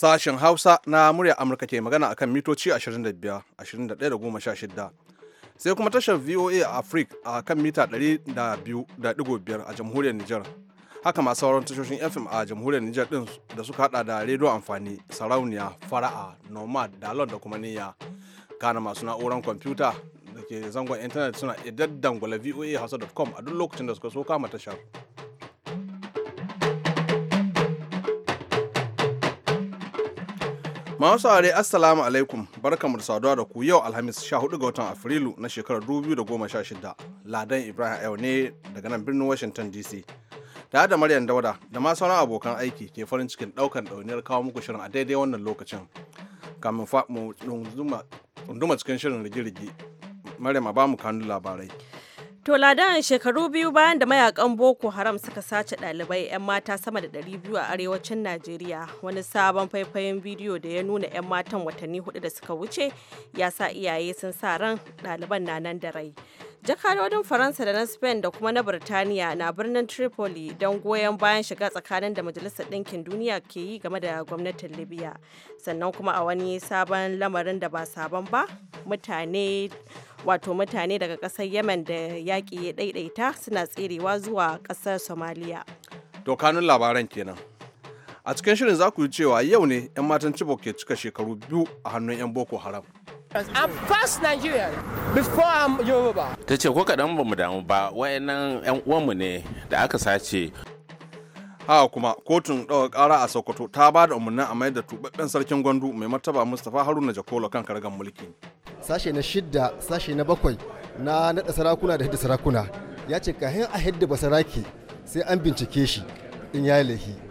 Sashen Hausa na murya Amurka ke magana akan mitoci 25, 21 Sai kuma tashar VOA Africa a kan mita biyar a jamhuriyar Nijar. Haka masu sauran tashoshin FM a jamhuriyar Nijar din da suka hada da rediyo amfani, sarauniya, fara'a, nomad, da dalon da kuma niyya. Kana masu na'urar kwamfuta da ke zangon intanet suna iya daddangwala voa hausa.com a duk lokacin da suka so kama tashar. Masu are assalamu alaikum barkamu da saduwa da ku yau Alhamis 14 ga watan Afrilu na shekarar 2016 Ladan Ibrahim yau ne daga nan birnin Washington DC. Da da Maryam Dauda da ma sauran abokan aiki ke farin cikin daukan dauniyar kawo muku shirin a daidai wannan lokacin. Kamin fa mu cikin shirin rigi-rigi Maryam ba mu kanu labarai. To ladan shekaru biyu bayan da mayakan Boko Haram suka sace ɗalibai 'yan mata sama da 200 a arewacin Najeriya wani sabon faifayen bidiyo da ya nuna 'yan matan watanni hudu da suka wuce ya sa iyaye sun sa ran ɗaliban na nan da rai. jakadodin faransa da na spain da kuma na birtaniya na birnin tripoli don goyon bayan shiga tsakanin da majalisar ɗinkin duniya ke yi game da gwamnatin libya sannan kuma a wani sabon lamarin da ba sabon ba mutane wato mutane daga ƙasar yemen da yaƙi ya ɗaiɗaita suna tserewa zuwa ƙasar somaliya to kanun labaran kenan a cikin shirin za ku yi cewa yau ne 'yan matan chibok ke cika shekaru biyu a hannun 'yan boko haram I'm first Nigerian before I'm Yoruba. Ta ce ko kaɗan ba mu damu ba wayannan 'yan uwanmu ne da aka sace. Haka kuma kotun ɗaga ƙara a Sokoto ta ba da umarnin a mayar da tubabben sarkin gwandu mai martaba mustafa Haruna Jakolo kan kargan mulki. Sashe na shidda sashe na bakwai na naɗa sarakuna da hidda sarakuna ya ce kahin a hidda basaraki sai an bincike shi in ya laifi.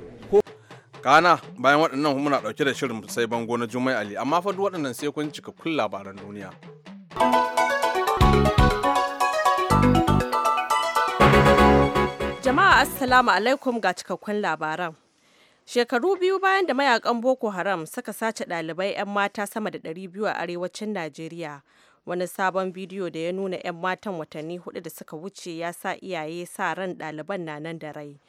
kana bayan waɗannan muna ɗauke da shirin sai bango na jumai ali amma fa duk waɗannan sai kun cikakkun labaran duniya jama'a assalamu alaikum ga cikakkun labaran shekaru biyu bayan da mayakan boko haram suka sace ɗalibai 'yan mata sama da ɗari biyu a arewacin najeriya wani sabon bidiyo da ya nuna 'yan matan watanni hudu da suka wuce ya sa iyaye sa ran ɗaliban na nan da rai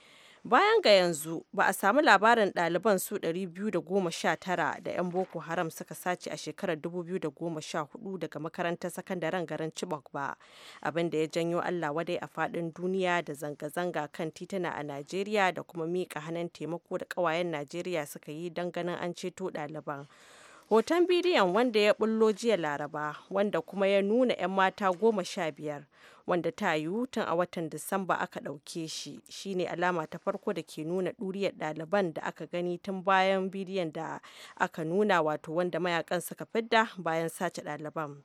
Bayan ga yanzu ba a samu labarin ɗaliban su 219 da 'yan Boko Haram suka sace a shekarar 2014 daga makarantar sakandaren garin Chibok ba, abin da ya janyo Allah wadai a faɗin duniya da zanga-zanga kan tituna a Najeriya da kuma miƙa hannun taimako da ƙawayen Najeriya suka yi don ganin an ceto ɗaliban. hoton bidiyon wanda ya bullo jiya laraba wanda kuma ya nuna 'yan mata goma sha biyar wanda ta yiwu tun a watan disamba aka ɗauke shi shine alama ta farko da ke nuna ɗuriyar ɗaliban da aka gani tun bayan bidiyon da aka nuna wato wanda mayakan suka fidda bayan sace ɗaliban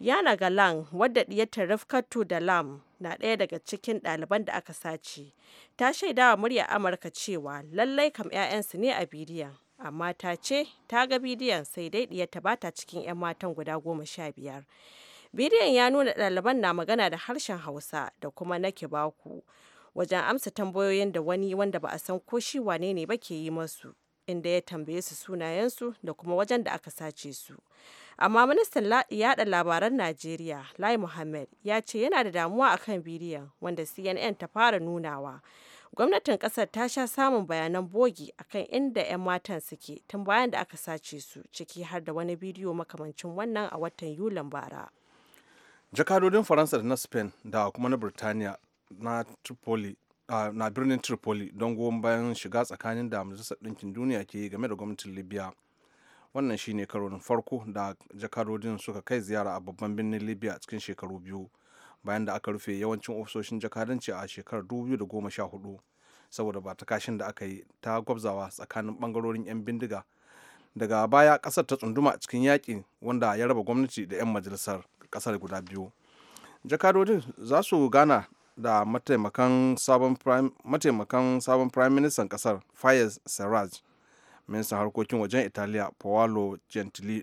yana galan wadda ɗiyarta rifkatu da lam na ɗaya daga cikin ɗaliban da aka sace ta shaidawa muryar amurka cewa lallai kam 'ya'yansu ne a bidiyon amma ta ce ta ga bidiyon sai dai diyarta ba ta cikin 'yan matan guda goma sha biyar bidiyon ya nuna ɗaliban na magana da harshen hausa da kuma na kibaku wajen amsa tambayoyin da wani wanda ba a san ko shi wane ne ba ke yi masu inda ya tambaye su sunayensu da kuma wajen da aka sace su amma ministan yada labaran najeriya lai muhammad ya ce yana da damuwa akan bidiyon wanda cnn ta fara nunawa gwamnatin kasar ta sha samun bayanan bogi akan inda 'yan matan suke tun bayan da aka sace su ciki har da wani bidiyo makamancin wannan a watan yulin bara jakadodin faransa da na spain da kuma na birtaniya na birnin tripoli don goyon bayan shiga tsakanin da majalisar ɗinkin duniya ke game da gwamnatin libya wannan shine karon farko da jakadodin suka kai ziyara a babban birnin libya cikin shekaru biyu bayan da aka rufe yawancin ofisoshin jakadanci a shekarar 2014 saboda ba ta kashin da aka yi ta gwabzawa tsakanin bangarorin 'yan bindiga daga baya kasar ta tsunduma cikin yaƙi wanda ya raba gwamnati da 'yan majalisar kasar guda biyu jakadodin za su gana da mataimakan sabon prime ministan kasar fayez sarraj ministan harkokin wajen italiya paolo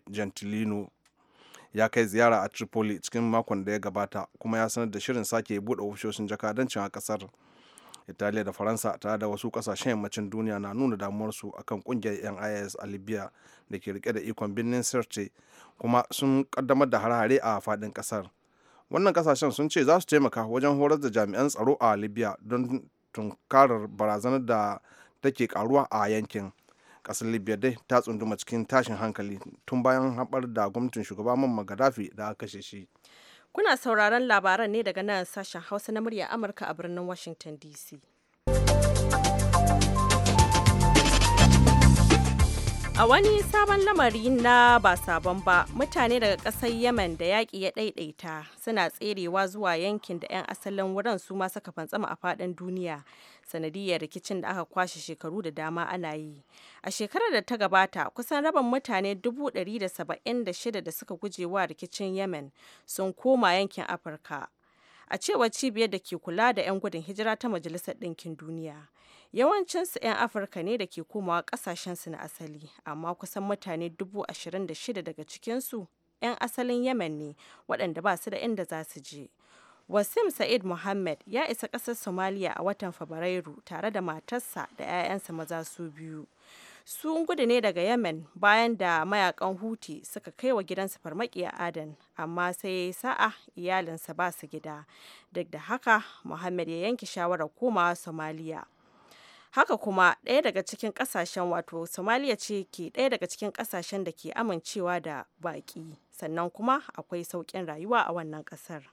gentilino ya kai ziyara a tripoli cikin makon da ya gabata kuma ya sanar da shirin sake buɗe ofishoshin jakadancin a ƙasar italiya da faransa tare da wasu ƙasashen yammacin duniya na nuna damuwarsu akan ƙungiyar IS a libya da ke rike da ikon birnin sirte kuma sun ƙaddamar da harare a faɗin ƙasar wannan ƙasashen sun ce za su taimaka wajen horar da jami'an tsaro a libya don tunkarar barazanar da take karuwa a yankin kasar libya dai ta tsunduma cikin tashin hankali tun bayan haɓar da gwamnatin shugaba mamman gaddafi da aka kashe shi kuna sauraron labaran ne daga nan sashen hausa na murya amurka a birnin washington dc A wani sabon lamari na ba sabon ba, mutane daga ƙasar Yemen da yaƙi ya ɗaiɗaita suna tserewa zuwa yankin da 'yan asalin wurin su ma saka fantsama a faɗin duniya. sanadiyar rikicin da aka kwashe shekaru da dama ana yi. A shekarar da ta gabata, kusan rabin mutane 176 da suka guje wa rikicin Yemen sun koma yankin Afirka. A cewar cibiyar da ke kula da 'yan gudun hijira ta Majalisar Ɗinkin Duniya, yawancinsu 'yan Afirka ne da ke komawa ƙasashensu na asali, amma kusan mutane shida daga cikinsu 'yan asalin Yemen ne waɗanda ba su da inda za su je. Wasim Sa'id Mohammed ya isa ƙasar Somalia a watan Fabrairu tare da matarsa da 'ya'yansa maza su biyu. Sun gudu ne daga Yemen bayan da mayakan Huti suka kai wa gidansa farmaki a Aden, amma sai sa'a iyalinsa ba su gida. Duk da haka, Mohammed ya yanke shawarar komawa Somalia. Haka kuma ɗaya daga cikin ƙasashen wato Somalia ce ke ɗaya daga cikin ƙasashen da ke amincewa da baƙi, sannan kuma akwai sauƙin rayuwa a wannan ƙasar.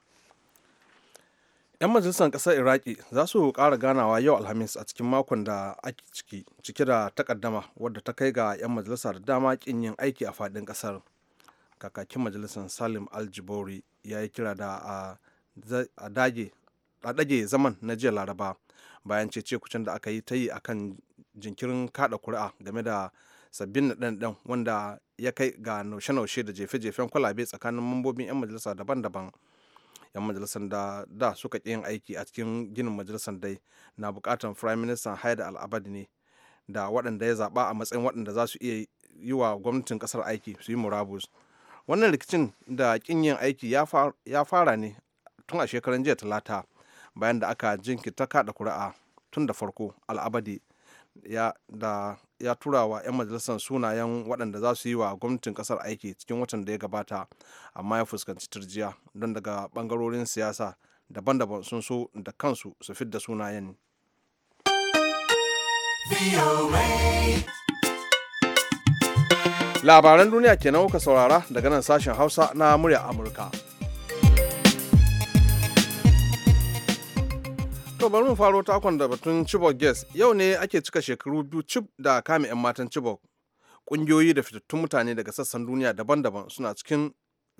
'yan majalisar ƙasar iraki za su ƙara ganawa yau alhamis a cikin makon da ake ciki cike da takaddama wadda ta kai ga 'yan majalisa da dama kin yin aiki a faɗin kasar kakakin majalisar salim aljibori ya yi kira da a dage zaman na jiya laraba bayan ce kucin da aka yi ta yi a kan jinkirin kada kuri'a game da sabbin naɗe wanda ya kai ga naushe-naushe da jefe-jefen kwalabe tsakanin mambobin 'yan majalisa daban-daban 'yan majalisar da da suka ƙi yin aiki a cikin ginin majalisar dai na bukatar prime minister haida al'abadi ne da waɗanda ya zaɓa a matsayin waɗanda za su iya yi wa gwamnatin ƙasar aiki su yi murabus wannan rikicin da ƙin yin aiki ya fara ne tun a shekaran jiya talata bayan da aka jinkirta kaɗa kuri'a tun da farko al'abadi da ya tura wa 'yan majalisar sunayen waɗanda za su yi wa gwamnatin ƙasar aiki cikin watan da ya gabata amma ya fuskanci turjiya don daga ɓangarorin siyasa daban-daban sun so da kansu su da sunayen labaran duniya kenan kuka saurara daga nan sashen hausa na murya amurka To bari mu faro takon da batun Chibok Gas. Yau ne ake cika shekaru biyu cib da kame 'yan matan Chibok. Kungiyoyi da fitattun mutane daga sassan duniya daban-daban suna cikin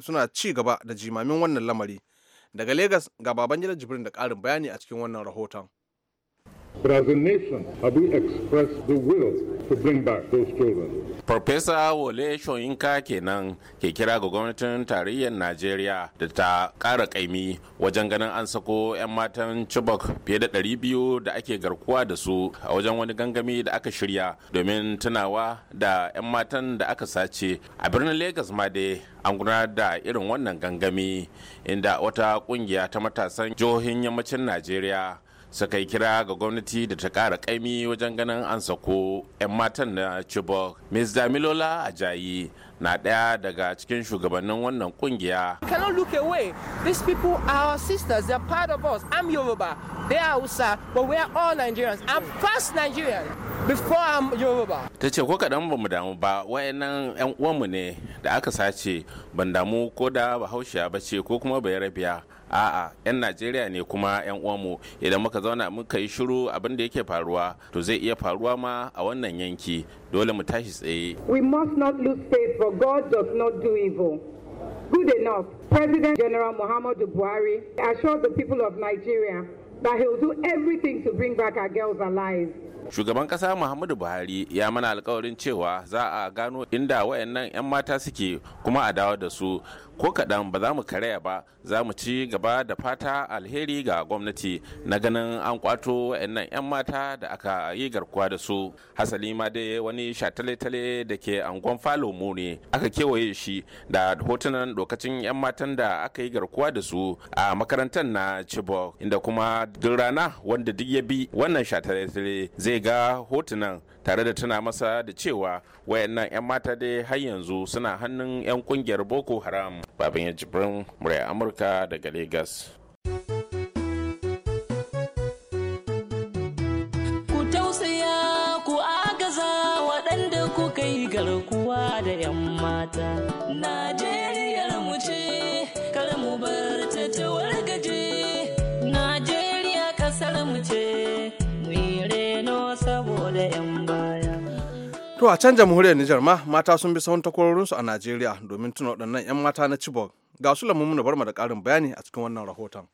suna ci gaba da jimamin wannan lamari. Daga lagos ga baban gidan Jibrin da karin bayani a cikin wannan rahoton. But as a nation, have we expressed the will to bring back those children? Profesa Wole Shoyinka kenan ke kira ga gwamnatin tarayyar Najeriya da ta ƙara ƙaimi wajen ganin an sako 'yan matan Chibok fiye da 200 da ake garkuwa da su a wajen wani gangami da aka shirya domin tunawa da 'yan matan da aka sace. A birnin Legas ma dai an gudanar da irin wannan gangami inda wata ƙungiya ta matasan jihohin yammacin Najeriya suka yi kira ga gwamnati da ta kara kaimi wajen ganin an sako 'yan matan na chibok ms damilola ajayi na ɗaya daga cikin shugabannin wannan kungiya cannot look away these people are our sisters are part of us i'm yoruba they are hausa but we are all nigerians i'm first nigerian before i'm yoruba ta ce ko kaɗan ba mu damu ba wayannan 'yan uwanmu ne da aka sace ban damu ko da bahaushiya ba ce ko kuma bayarabiya a'a yan najeriya ne kuma yan uwanmu idan muka zauna muka yi shiru abin da yake faruwa to zai iya faruwa ma a wannan yanki dole mu tashi tsaye we must not lose faith for god does not do evil good enough president general muhammadu buhari assured the people of nigeria that he'll do everything to bring back our girls alive. Shugaban kasa Muhammadu Buhari ya mana alkawarin cewa za a gano inda wayannan 'yan mata suke kuma a dawo da su ko kaɗan ba za mu karaya ba za mu ci gaba da fata alheri ga gwamnati na ganin an kwato wayannan 'yan mata da aka yi garkuwa da su. Hasali ma dai wani shatale-tale da ke angon mu ne aka kewaye shi da hotunan lokacin 'yan matan da aka yi garkuwa da su a makarantar na Chibok inda kuma duk rana wanda duk ya bi wannan shatare zai ga hotunan tare da tuna masa da cewa wayannan 'yan mata dai har yanzu suna hannun 'yan kungiyar boko haram babin ya jibrin murai amurka daga lagos da To a can jamhuriyar Nijar ma mata sun bi sahun takwarorinsu a Najeriya domin tuna waɗannan 'yan mata na Chibok. Ga su lamun bar mu da ƙarin bayani a cikin wannan rahoton.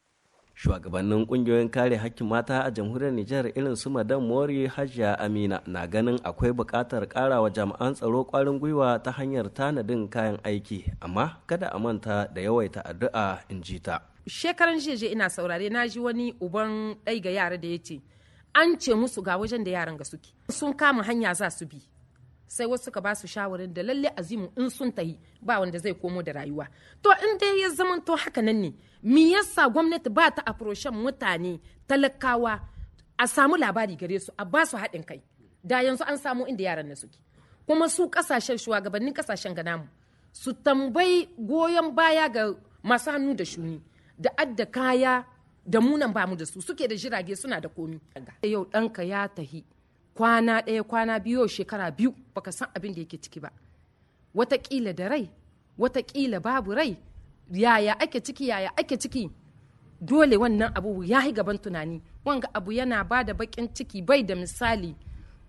shugabannin ƙungiyoyin kare hakkin mata a jamhuriyar Nijar irin su Madam Mori Hajiya Amina na ganin akwai buƙatar ƙarawa jami'an tsaro ƙwarin gwiwa ta hanyar tanadin kayan aiki amma kada a manta da yawaita addu'a in ji ta. Shekaran jiya ina saurare na ji wani uban ɗai ga yara da ya ce an ce musu ga wajen da yaran ga suke sun kama hanya za su bi sai wasu ka ba su shawarin da lalle azimu in sun tahi ba wanda zai komo da rayuwa to in dai ya zama to haka nan ne me yasa gwamnati ba ta afroshen mutane talakawa a samu labari gare su a ba su haɗin kai da yanzu an samu inda yaran na suke kuma su kasashen shugabannin kasashen ga namu su tambayi goyon baya ga masu hannu da shuni da adda kaya da munan bamu da su suke da jirage suna da komi yau ɗanka ya tahi kwana ɗaya kwana biyu shekara biyu baka san abin da yake ciki ba Wataƙila da rai wataƙila babu rai yaya ake ciki yaya ake ciki dole wannan abu ya yi gaban tunani wanga abu yana ba da bakin ciki bai da misali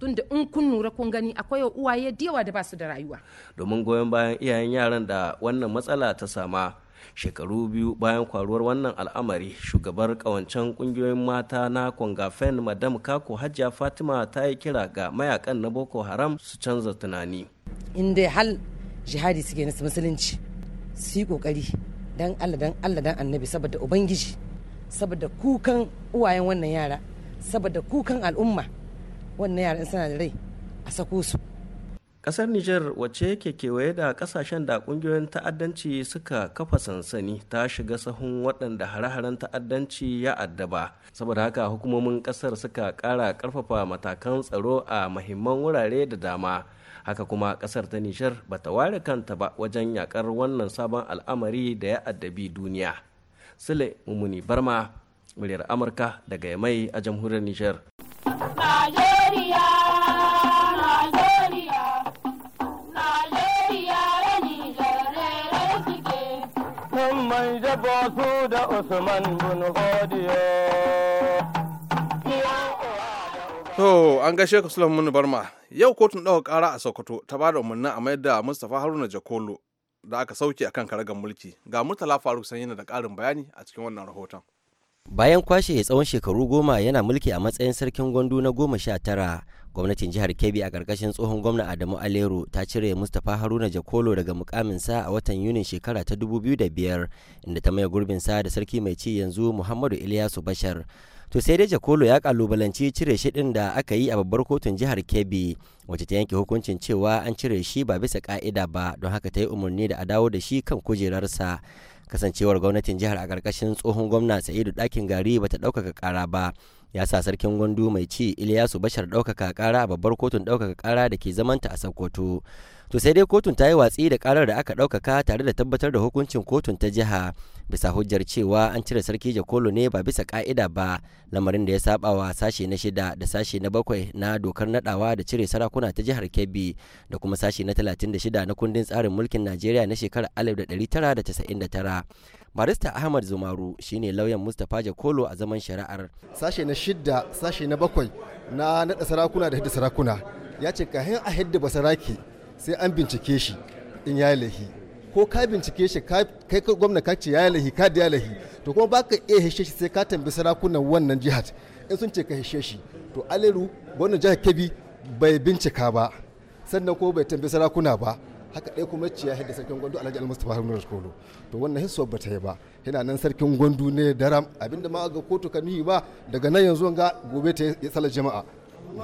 tunda in kun nura kun gani akwai uwaye da yawa da basu da rayuwa domin goyon bayan iyayen yaran da wannan matsala ta sama shekaru biyu bayan kwaruwar wannan al'amari shugabar kawancen kungiyoyin mata na kwangafen madam kako hajiya fatima ta yi kira ga mayakan na boko haram su canza tunani inda hal jihadi suke na musulunci su yi kokari dan allah dan allah dan annabi saboda ubangiji saboda kukan uwayen wannan yara saboda kukan al'umma wannan yara suna da rai a sako kasar niger wacce ke kewaye da kasashen da ƙungiyoyin ta'addanci suka kafa sansani ta shiga sahun waɗanda hare-haren ta'addanci ya addaba. Saboda haka hukumomin kasar suka ƙara ƙarfafa matakan tsaro a mahimman wurare da dama. Haka kuma kasar ta Nijar ba ta ware kanta ba wajen yakar wannan sabon al'amari da ya addabi duniya. Sule Mumuni Barma, muryar Amurka daga mai a jamhuriyar Nijar. mai da Usman To, an gaishe ka Sulaiman Barma. Yau kotun ɗaga ƙara a Sokoto ta ba da umarni a mayar da Mustapha Haruna Jakolo da aka sauke akan karagar mulki. Ga Murtala Faruk yana da ƙarin bayani a cikin wannan rahoton. Bayan kwashe tsawon shekaru goma yana mulki a matsayin sarkin gwandu na goma sha tara, gwamnatin jihar kebbi a karkashin tsohon gwamna adamu alero ta cire mustapha haruna jakolo daga mukaminsa a watan yunin shekara ta 2005 inda ta maye gurbinsa da sarki mai ci yanzu muhammadu iliyasu bashar to sai dai jakolo ya kalubalanci cire shi din da aka yi a babbar kotun jihar kebbi wacce ta yanke hukuncin cewa an cire shi ba bisa ka'ida ba don haka ta yi umarni da a dawo da shi kan kujerarsa kasancewar gwamnatin jihar a karkashin tsohon gwamna sa'idu dakin gari bata ɗaukaka ƙara ba ya sa sarkin gwandu mai ci iliyasu bashar ɗaukaka ƙara a babbar kotun ɗaukaka ƙara da ke zamanta a sokoto to sai dai kotun ta yi watsi da ƙarar da aka ɗaukaka tare da tabbatar da hukuncin kotun ta jiha bisa hujjar cewa an cire sarki jakolo ne ba bisa ka'ida ba lamarin da ya saba wa sashe na shida da sashe na bakwai na dokar naɗawa da cire sarakuna ta jihar kebbi da kuma sashe na talatin da shida na kundin tsarin mulkin najeriya na shekarar alif da tara barista ahmad zumaru shine lauyan mustapha jakolo a zaman shari'ar sashe na shidda sashe na bakwai na naɗa sarakuna da hidda sarakuna ya ce kahin a hidda saraki sai an bincike shi in ya lahi ko ka bincike shi kai ka gwamna ka ce ya lahi ka da ya lahi to kuma baka iya hishe shi sai ka tambi sarakunan wannan jihar in sun ce ka hishe shi to aleru gwamnan jihar kebbi bai bincika ba sannan ko bai tambi sarakuna ba haka ɗaya kuma ciya yadda sarkin gwandu alhaji almustapha haruna kolo to wannan hissuwar ba ta yi ba yana nan sarkin gwandu ne daram abinda ma ga kotu ka nuhi ba daga nan yanzu ga gobe ta yi tsala jama'a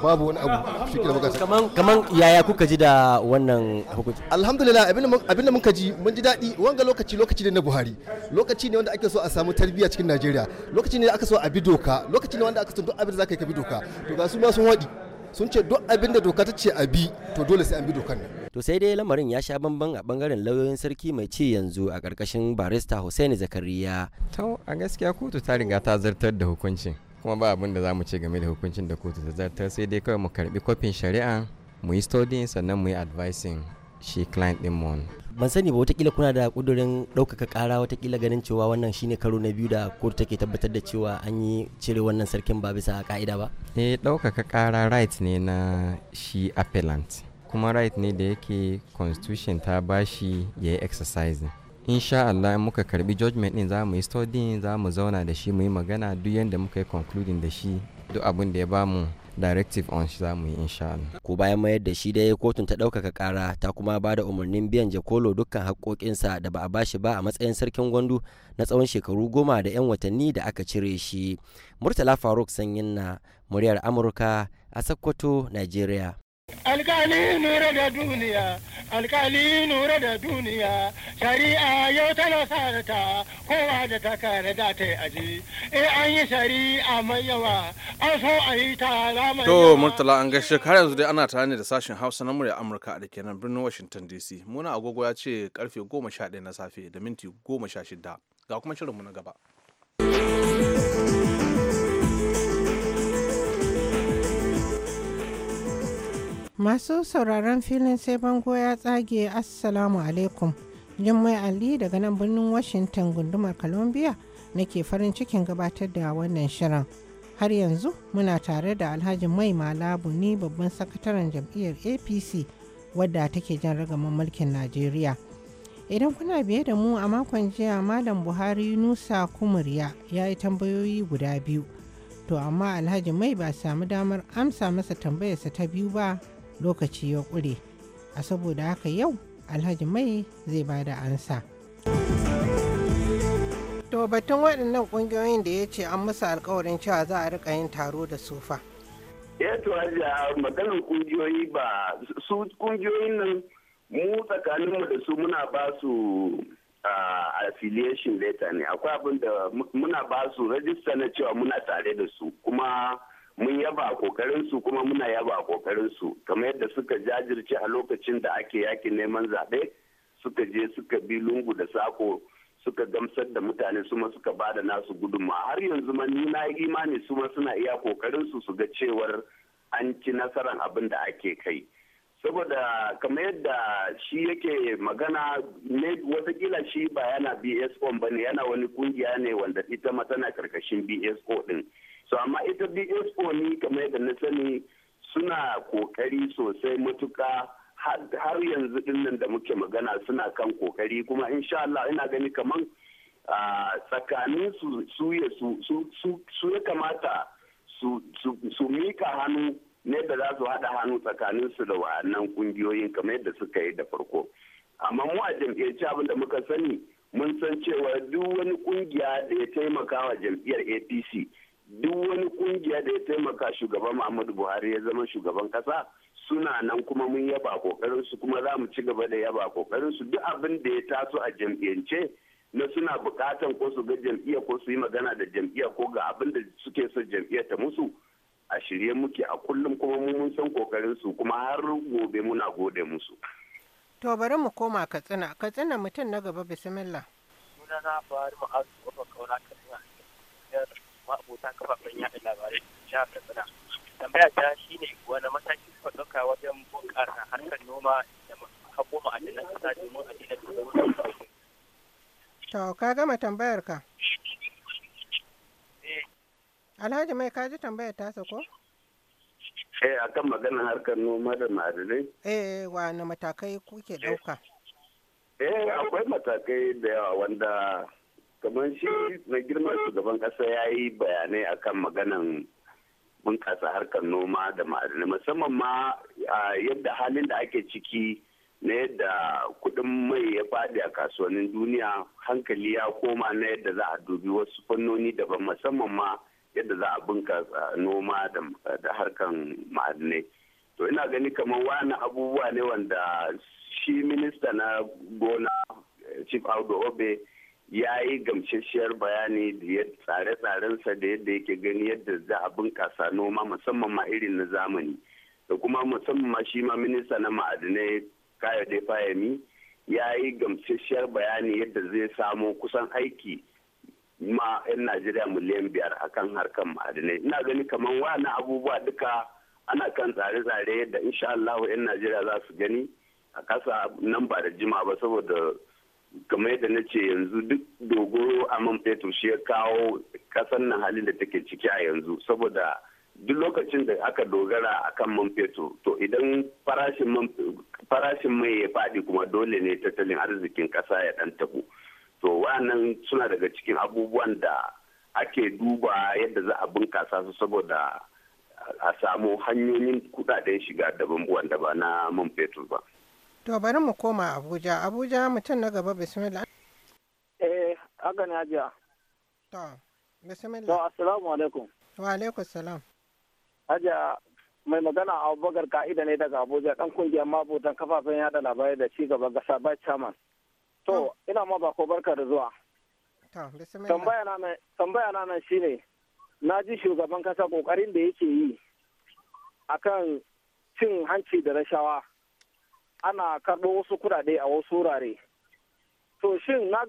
babu wani abu shi ke kaman kaman yaya kuka ji da wannan hukunci alhamdulillah abinda mun muka ji mun ji daɗi wanga lokaci lokaci ne na buhari lokaci ne wanda ake so a samu tarbiyya cikin najeriya lokaci ne da aka so a bi doka lokaci ne wanda aka so duk abin da zaka yi ka bi doka to ga su ma sun waɗi sun ce duk abin da doka ta ce a bi to dole sai an bi dokan nan to sai dai lamarin ya sha bamban a bangaren lauyoyin sarki mai ci yanzu a karkashin barista hussaini zakariya to a gaskiya kotu ta riga ta zartar da hukuncin kuma ba abin da za mu ce game da hukuncin da kotu ta zartar sai dai kawai mu karbi kofin shari'a mu yi studying sannan mu yi advising shi client din mu ban sani ba watakila kuna da kudurin ɗaukaka ƙara watakila ganin cewa wannan shine karo na biyu da kotu take tabbatar da cewa an yi cire wannan sarkin ba bisa ka'ida ba eh ɗaukaka ƙara right ne na shi appellant kuma right ne da yake constitution ta bashi ya yi exercising insha Allah in muka karbi judgment din za mu yi studying za mu zauna da shi mu yi magana duk yadda muka yi concluding da shi duk abin da ya bamu directive on shi za mu yi insha Allah. Ko bayan mayar da shi da ya kotun ta daukaka kara ta kuma ba da umarnin biyan Jakolo dukkan haƙoƙinsa da ba a bashi ba a matsayin sarkin gwandu na tsawon shekaru goma da 'yan watanni da aka cire shi. Murtala Faruk Sanyin na muryar Amurka a Sokoto, Nigeria. Alkali nura da duniya, alkali nura da duniya, shari'a yau tana sarata kowa da ta kare da ta aji. E an yi shari'a mai yawa, an so a yi tara mai To, Murtala an gaishe har yanzu dai ana tare ne da sashen Hausa na murya Amurka da ke nan birnin Washington DC. Muna agogo ya ce karfe goma sha ɗaya na safe da minti goma sha shida. Ga kuma shirinmu na gaba. Masu sauraron filin sai bango ya tsage Assalamu alaikum. Jummai Ali daga nan birnin Washington gundumar Columbia nake farin cikin gabatar da wannan shirin. Har yanzu muna tare da Alhaji Mai Malabu ni babban sakataren jam'iyyar APC wadda take jan ragaman mulkin Najeriya. Idan kuna biye da mu a makon jiya Malam Buhari Nusa Kumurya ya yi tambayoyi guda biyu. To amma Alhaji Mai ba samu damar amsa masa tambayarsa ta biyu ba lokaci ya ƙure a saboda haka yau alhaji mai zai ba da ansa to batun waɗannan ƙungiyoyin da ya ce an musu alkawarin cewa za a rika yin taro da sufa ya eh, to maganar ƙungiyoyi ba su ƙungiyoyin nan mu tsakaninmu da su muna ba su affiliation letter ne akwai abin da muna ba su rajista na cewa muna tare da su kuma mun yaba a kokarin su kuma muna yaba a kokarin su kamar yadda suka jajirce a lokacin da ake yakin neman zaɓe suka je suka bi lungu da sako suka gamsar da mutane suma suka ba da nasu gudunma har yanzu ma ni na imani suma suna iya kokarin su su ga cewar an ci nasarar abin da ake kai saboda kamar yadda shi yake magana ne watakila shi ba yana bso ba ne yana wani kungiya ne wanda ita ma tana karkashin bso din so amma ita expo ni kamar yadda na sani suna kokari sosai matuka har yanzu dinnan da muke magana suna kan kokari kuma insha Allah ina gani kamar tsakanin su su ya kamata su mika hannu ne da za su haɗa hannu tsakanin su da wa'annan kungiyoyin kamar yadda suka yi da farko amma mu a jam'iyyar abin da muka sani mun san cewa duk wani kungiya da ya taimaka wa jam'iyyar apc duk wani kungiya da ya taimaka shugaban muhammadu buhari ya zama shugaban kasa suna nan kuma mun yaba kokarin su kuma za mu ci gaba da yaba kokarin su duk abin da ya taso a jam'iyyance na suna bukatan ko su ga jam'iyya ko su yi magana da jam'iyya ko ga abin da suke so jam'iyya ta musu a shirye muke a kullum kuma mun san kokarin su kuma har gobe muna gode musu to bari mu koma katsina katsina mutum na gaba bismillah sunana Buhari mu Baba Kaura jihar katsina tambaya ta ne wani mataki suka ɗauka wajen bunƙasa harkar noma da haƙo ma'adinan ƙasa domin a daina dogaro to ka gama tambayar ka eh. alhaji mai kaji tambayar ta sako eh akan magana harkar noma da ma'adanai eh wani matakai kuke eh. ɗauka eh akwai matakai da yawa wanda kamar shi mai su shugaban kasa ya yi bayanai akan maganan bunƙasa harkar noma da ma'adana musamman ma yadda halin da ake ciki na yadda kudin mai ya faɗi a kasuwannin duniya hankali ya koma na yadda za a dubi wasu fannoni daban musamman ma yadda za a bunƙasa noma da harkar ma'adinai to ina gani kamar wani abubuwa ne wanda shi minista na gona chief audu obe ya yi gamsasshiyar bayani da tsare-tsarensa da yadda yake gani yadda za a bunƙasa noma musamman ma irin na zamani da kuma musamman ma shi ma minista na ma'adinai dai fayami ya yi gamsasshiyar bayani yadda zai samo kusan aiki ma 'yan najeriya miliyan biyar a akan harkar ma'adinai ina gani kamar wani abubuwa duka ana kan tsare-tsare yadda insha allahu 'yan najeriya za su gani a kasa nan ba da jima ba saboda kamar yadda na ce yanzu duk dogoro a man fetur shi ya kawo kasan nan halin da take ciki a yanzu saboda duk lokacin da aka dogara a kan man fetur to idan farashin mai ya faɗi kuma dole ne tattalin arzikin ƙasa ya ɗan tabo to wannan suna daga cikin abubuwan da ake duba yadda za a bunkasa su saboda a samu hanyoyin kudaden shiga daban da ba na man fetur ba. To bari mu koma Abuja. Abuja mutum na gaba bismillah. Eh, haka ne hajiya. To, bismillah. To, assalamu alaikum. Wa alaikum salam. ajiya mai magana a Abubakar Ka'ida ne daga Abuja, dan kungiyar mabutan kafafen yada labarai da ci gaba ga sabai chairman. To, ina ma ba barka da zuwa. To, bismillah. Tambaya na nan shine, na ji shugaban kasa kokarin da yake yi akan cin hanci da rashawa. ana karɓo wasu kuɗaɗe a wasu wurare to shin na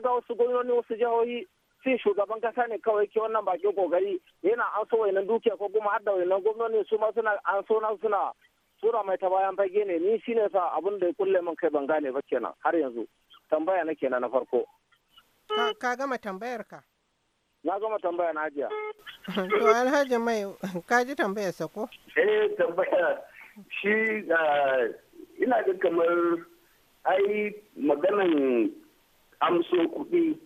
ga wasu gwamnoni wasu jihohi shin shugaban kasa ne kawai ke wannan bakin kokari yana an so wainan dukiya ko kuma har da wainan gwamnoni su ma suna an so na suna tura mai ta bayan fage ne ni shine sa abin da ya kulle min kai ban gane ba kenan har yanzu tambaya na kenan na farko ka gama tambayar ka na gama tambaya na hajiya to alhaji mai ka ji tambayar sa ko eh tambaya shi ah, ina ga kamar ai maganan amso kuɗi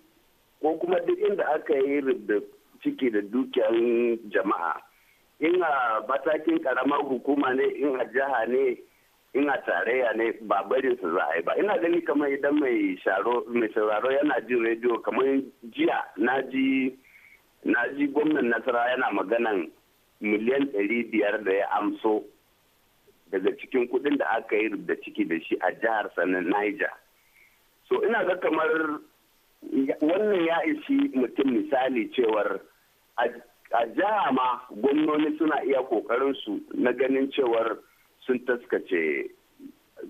ko kuma duk inda aka yi da ciki da dukiyar jama'a in matakin karamar hukuma ne in jiha ne in a tarayya ne ba barin su za a yi ba ina gani kamar idan mai sauraro yana jin rediyo kamar jiya na ji na ji gwamnan nasara yana maganan miliyan ɗari biyar da ya amso daga cikin kuɗin da aka yi da ciki da shi a jihar sanin niger so ina ga kamar wannan ya ishi mutum misali cewar a jiha ma gwamnoni suna iya kokarin su na ganin cewar sun taskace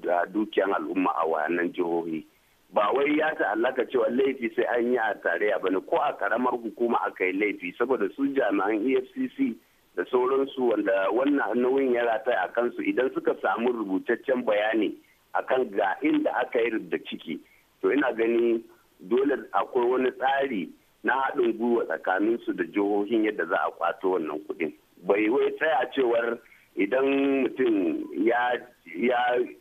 da dukiyan al'umma a wayannan jihohi ba wai ya ta'allaka cewa laifi sai an yi a tarayya bane ko a karamar hukuma aka yi laifi saboda su jami'an efcc da sauransu wanda wannan nauyin ya rataya a kansu idan suka samu rubutaccen bayani akan ga inda aka yi da ciki to ina gani dole akwai wani tsari na haɗin gwiwa tsakaninsu da jihohin yadda za a kwato wannan kuɗin bai wai tsaya cewar idan mutum ya ya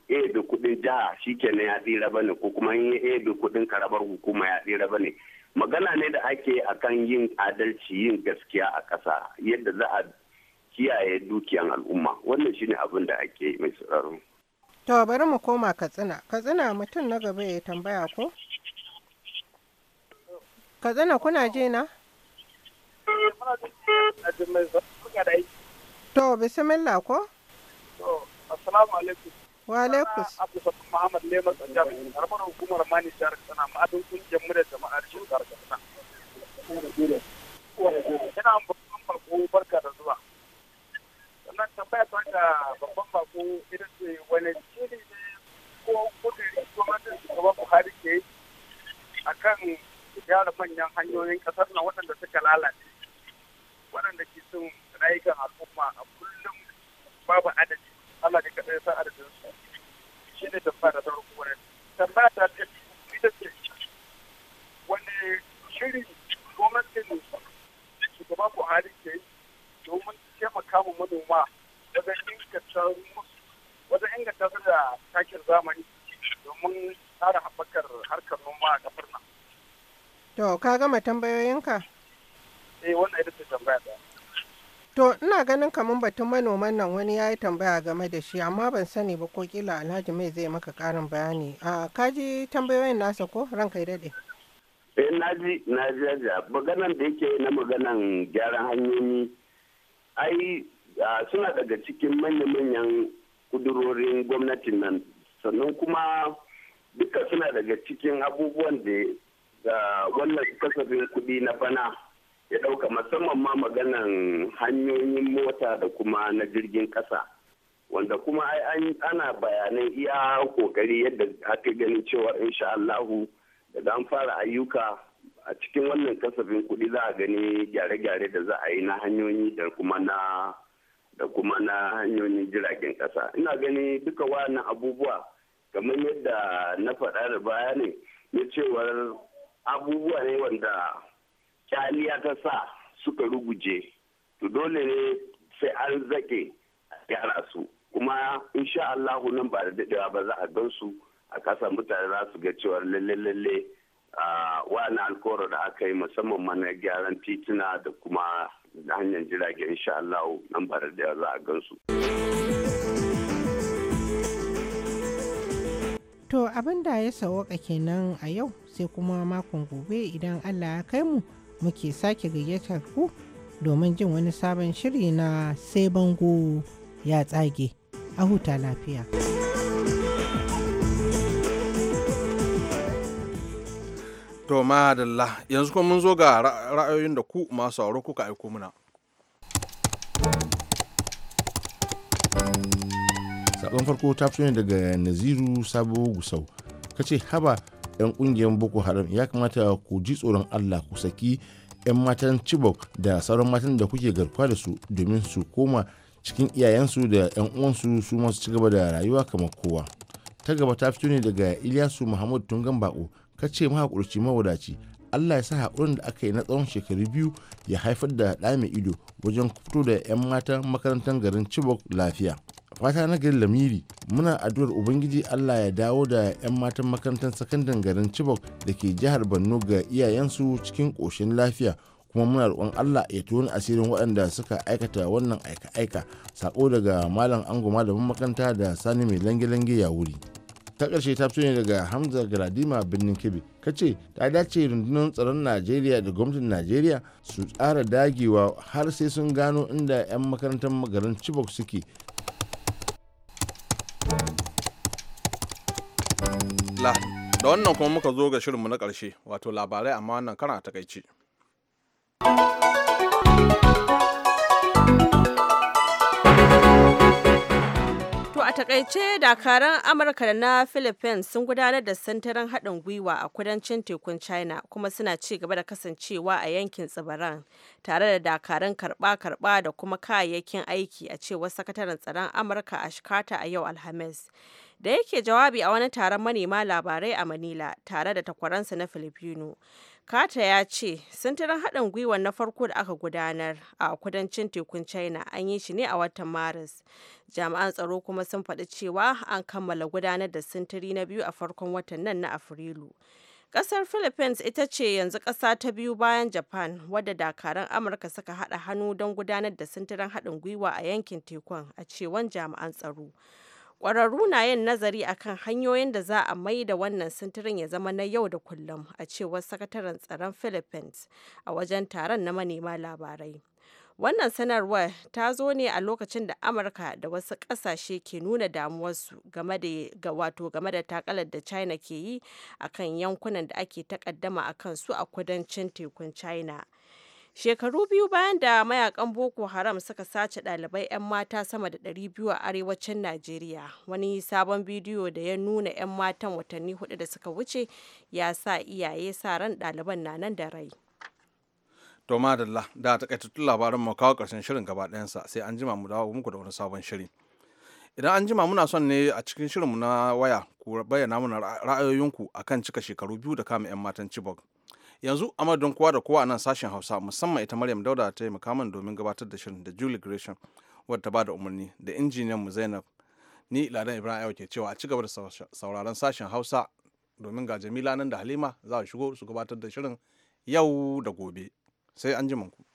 ebe kuɗin jiha shikenan ya tsira ba ne ko kuma ya ebe kuɗin karabar hukuma ya tsira ba ne magana ne da ake akan yin adalci yin gaskiya a ƙasa yadda za a kiyaye dukiyan al'umma wannan shine abin da ake mai sauraro to bari mu koma katsina katsina mutum na gaba ya tambaya ko katsina kuna je na to bismillah ko assalamu alaikum wa alaikum da zuwa sannan tambaya ta babban bako ita ce wani shiri ne ko kudiri gwamnatin shugaban Buhari ke a kan gyara manyan hanyoyin kasar na waɗanda suka lalace waɗanda ke sun rayukan al'umma a kullum babu adadi Allah ne kaɗai sa adadin su shi ne tambaya da farko wani tambaya ta ce ita ce shiri gwamnatin shugaban Buhari ke domin taimaka mu manoma wajen inganta musu wajen inganta su da takin zamani domin tsara haɓakar harkar noma a kafar nan. To, ka gama tambayoyinka? Eh, wannan ita ce tambaya ɗaya. To, ina ganin kamar batun manoman nan wani ya yi tambaya game da shi, amma ban sani ba ko kila Alhaji mai zai maka ƙarin bayani. A kaji tambayoyin nasa ko ranka ya daɗe? Eh, naji, naji, ji. Maganan da yake na maganan gyaran hanyoyi ai suna daga cikin manya-manyan kudurorin gwamnatin nan sannan kuma duka suna daga cikin abubuwan da wannan kasafin kuɗi na bana ya ɗauka musamman ma maganan hanyoyin mota da kuma na jirgin ƙasa wanda kuma ana bayanan iya kokari yadda aka gani cewa insha Allahu daga an fara ayyuka a cikin wannan kasafin kuɗi za a gani gyare-gyare da za a yi na hanyoyi da kuma na da kuma na hanyoyin jiragen ƙasa ina gani duka wannan abubuwa kamar yadda na faɗa da baya ne na cewar abubuwa ne wanda kyaliya ta sa suka ruguje to dole ne sai an zake gyara su kuma insha Allahu nan ba da daɗewa ba za a gan su a kasa mutane za su ga cewar lalle-lalle a wani alkawar da aka yi musamman mana gyaran tituna da kuma hanyar jirage insha Allah nan da za a gansu. To abin da ya sawaka kenan a yau sai kuma makon gobe idan Allah ya kai mu muke sake gayyatar ku domin jin wani sabon shiri na sai bango ya tsage a huta lafiya. to madalla yanzu kuma mun zo ga ra'ayoyin da ku masu sauro kuka aiko muna Sabon farko ta fito ne daga naziru sabo gusau ka ce haba 'yan kungiyar boko haram ya kamata ku ji tsoron allah ku saki 'yan matan chibok da sauran matan da kuke garkuwa da su domin su koma cikin iyayensu da 'yan uwansu su masu ci da rayuwa kamar kowa ta gaba ta fito ne daga ilyasu muhammad tungan bako ka ce mahaƙurci mawadaci Allah ya sa haƙurin da aka yi na tsawon shekaru biyu ya haifar da ɗa mai ido wajen fito da 'yan matan makarantar garin Chibok lafiya. Fata na gari Lamiri muna addu'ar Ubangiji Allah ya dawo da 'yan matan makarantar sakandar garin Chibok da ke jihar Borno ga iyayensu cikin ƙoshin lafiya kuma muna roƙon Allah ya tuni asirin waɗanda suka aikata wannan aika-aika saƙo daga Malam Angoma da makaranta da Sani mai lange-lange ya wuri. ta karshe ta fito ne daga hamza galadima birnin kebbi ka ce ta dace rundunar tsaron najeriya da gwamnatin najeriya su tsara dagewa har sai sun gano inda 'yan makarantar garin chibok suke da wannan kuma muka zo ga shirinmu na karshe wato labarai amma wannan karan a takaici a takaice dakaran amurka da na philippines sun gudanar da santarin haɗin gwiwa a kudancin tekun china kuma suna ci gaba da kasancewa a yankin tsibiran tare da dakarun karba-karba da kuma kayayyakin aiki a cewa sakataren tsaron amurka a shikata a yau alhamis da yake jawabi a wani taron manema labarai a manila tare da takwaransa na filipino kata ya ce sintirin haɗin gwiwa na farko da aka gudanar a kudancin tekun China an yi shi ne a watan Maris. Jami'an tsaro kuma sun faɗi cewa an kammala gudanar da sintiri na biyu a farkon watan nan na Afrilu. Ƙasar Philippines ita ce yanzu ƙasa ta biyu bayan Japan wadda dakaran Amurka suka haɗa hannu don gudanar da sintirin haɗin gwiwa a yankin tekun a cewan jami'an tsaro. kwararru na yin nazari a kan hanyoyin da za a mai da wannan sintirin ya zama na yau da kullum a cewar sakataren tsaron Philippines a wajen taron na manema labarai. Wannan sanarwar ta zo ne a lokacin da Amurka da wasu kasashe ke nuna damuwarsu game da wato game da takalar da China ke yi akan yankunan da ake takaddama akan su a kudancin tekun China. Shekaru biyu bayan da mayakan Boko Haram suka sace dalibai 'yan mata sama da 200 a arewacin Najeriya, wani sabon bidiyo da ya nuna 'yan matan watanni hudu da suka wuce ya sa iyaye sa ran daliban na nan da rai. To madalla da takaitattun labarin mu kawo karshen shirin gaba ɗayansa sai an jima mu dawo muku da wani sabon shiri. Idan an jima muna son ne a cikin shirin shirinmu na waya ku bayyana mana ra'ayoyinku akan cika shekaru biyu da kama 'yan matan Chibok. yanzu amma don kowa da kowa a nan sashen hausa musamman ita maryam dauda ta yi mukamman domin gabatar da shirin da julie gresham wadda ba da umarni da injiniyan mu zainab ni ladan ibrahim ke cewa a cigaba da sauraron sashen hausa domin ga jamila nan da halima za a shigo su gabatar da shirin yau da gobe sai an ku.